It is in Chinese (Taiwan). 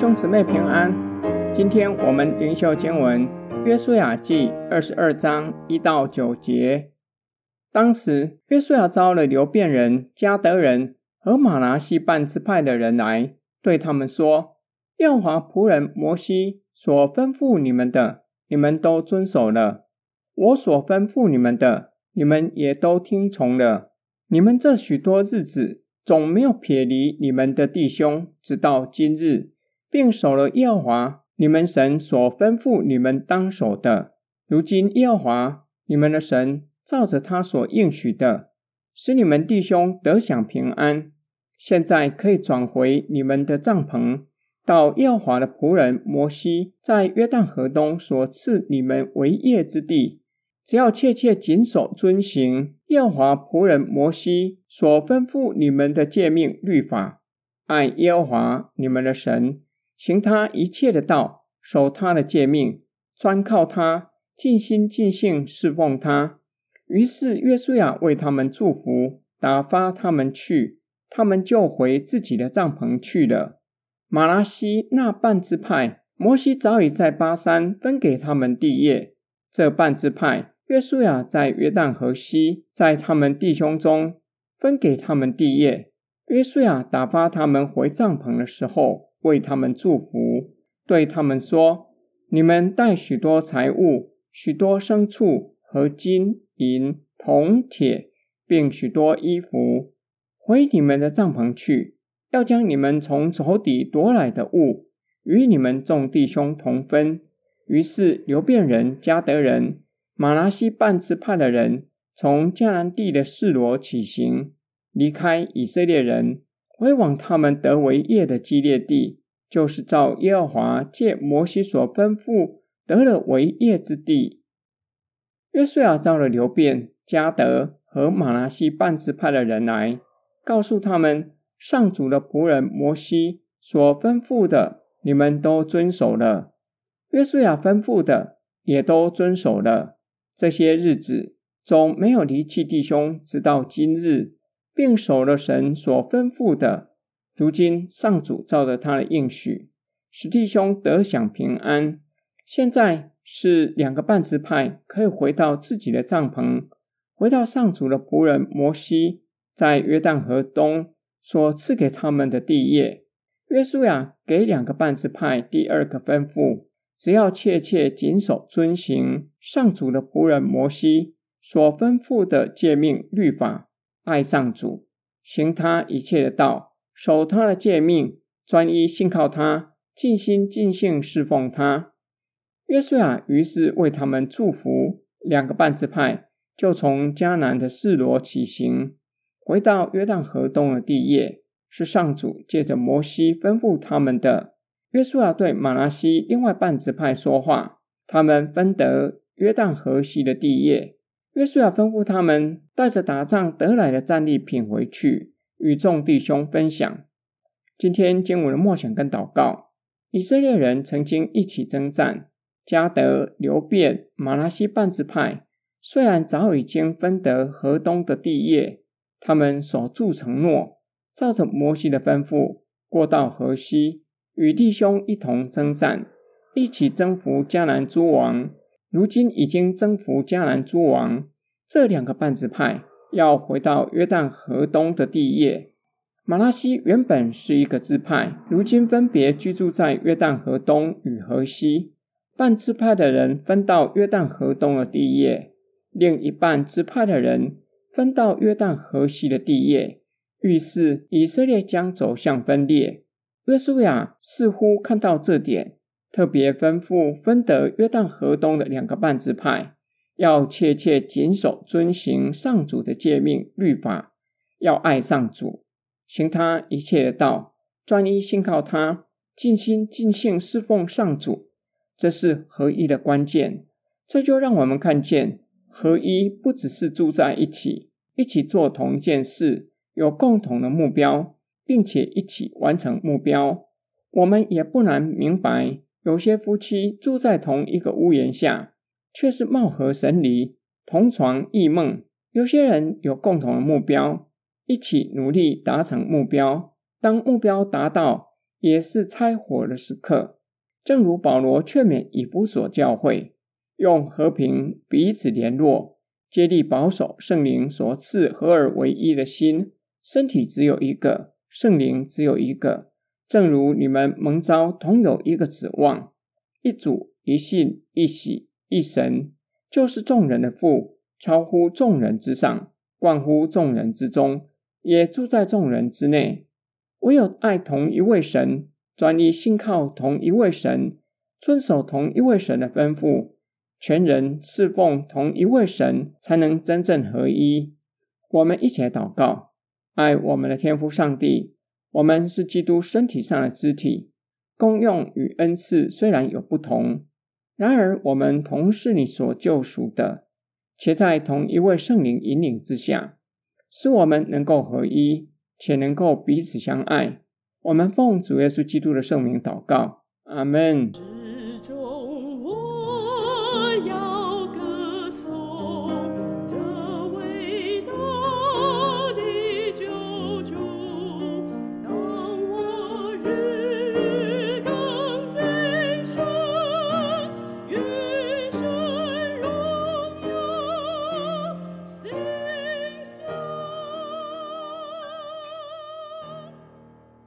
兄姊妹平安，今天我們靈修經文《約書亞記》二十二章一到九節。當時約書亞召了流便人、迦得人和瑪拿西半支派的人來，對他們說：“耶和華僕人摩西所吩咐你們的，你們都遵守了；我所吩咐你們的，你們也都聽從了。你們這許多日子，總沒有撇離你們的弟兄，直到今日。”並守了耶和華你們神所吩咐你們當守的。如今耶和華你們的神照着他所應許的，使你們弟兄得享平安。現在可以轉回你們的帳篷，到耶和華的僕人摩西在約旦河東所賜你們為業之地。只要切切謹守遵行耶和華僕人摩西所吩咐你們的誡命律法，愛耶和華你們的神。行他一切的道，守他的誡命，專靠他，盡心盡性侍奉他。於是約書亞為他們祝福，打發他們去，他們就回自己的帳篷去了。瑪拿西那半支派，摩西早已在巴珊分給他們地業。這半支派，約書亞在約旦河西，在他們弟兄中分給他們地業。約書亞打發他們回帳篷的時候，為他們祝福，對他們說：“你們帶許多財物、許多牲畜和金銀、銅鐵，並許多衣服，回你們的帳篷去。要將你們從仇敵奪來的物，與你們眾弟兄同分。”於是，流便人、迦得人、瑪拿西半支派的人，從迦南地的示羅起行，離開以色列人，回往他們得為業的基列地，就是照耶和華藉摩西所吩咐得了為業之地。約書亞召了流便、迦得和瑪拿西半支派的人來，告訴他們：上主的僕人摩西所吩咐的，你們都遵守了；約書亞吩咐的，也都遵守了。這些日子總沒有離棄弟兄，直到今日。並守了神所吩咐的。如今上主照着他的應許，使弟兄得享平安。現在是兩個半支派可以回到自己的帳篷，回到上主的僕人摩西在約旦河東所賜給他們的地業。約書亞給兩個半支派第二個吩咐：只要切切謹守遵行上主的僕人摩西所吩咐的誡命律法。愛上主，行他一切的道，守他的誡命，專一信靠他，盡心盡興侍奉他。約瑟亞於是為他們祝福。兩個半字派就從迦南的四羅起行，回到約旦河東的地業，是上主借着摩西吩咐他們的。約瑟亞對馬拉西另外半字派說話，他們分得約旦河西的地業。約書亞吩咐他們帶着打仗得來的戰利品回去，與眾弟兄分享。今天經文的默想跟禱告：以色列人曾經一起征戰，迦得、流便、瑪拿西半支派，雖然早已經分得河東的地業，他們守住承諾，照着摩西的吩咐，過到河西，與弟兄一同征戰，一起征服迦南諸王。如今已經征服迦南諸王，這兩個半支派要回到約旦河東的地業。瑪拿西原本是一個支派，如今分別居住在約旦河東與河西。半支派的人分到約旦河東的地業，另一半支派的人分到約旦河西的地業，預示以色列將走向分裂。約書亞似乎看到這點。特別吩咐分得約旦河東的兩個半支派，要切切謹守遵行上主的誡命律法，要愛上主，行他一切的道，專一信靠他，盡心盡性侍奉上主，這是合一的關鍵。這就讓我們看見，合一不只是住在一起，一起做同一件事，有共同的目標，並且一起完成目標。我們也不難明白。有些夫妻住在同一個屋檐下，卻是貌合神離、同床異夢。有些人有共同的目標，一起努力達成目標。當目標達到，也是拆夥的時刻。正如保羅勸勉以弗所教會，用和平彼此聯絡，竭力保守聖靈所賜合而為一的心，身體只有一個，聖靈只有一個。正如你們蒙召，同有一個指望，一主、一信、一洗、一神，就是眾人的父，超乎眾人之上，貫乎眾人之中，也住在眾人之內。唯有愛同一位神，專一信靠同一位神，遵守同一位神的吩咐，全人事奉同一位神，才能真正合一。我們一起來禱告，愛我們的天父上帝。我們是基督身體上的肢體，功用與恩賜雖然有不同，然而我們同是你所救贖的，且在同一位聖靈引領之下，使我們能夠合一，且能夠彼此相愛。我們奉主耶穌基督的聖名禱告，阿門。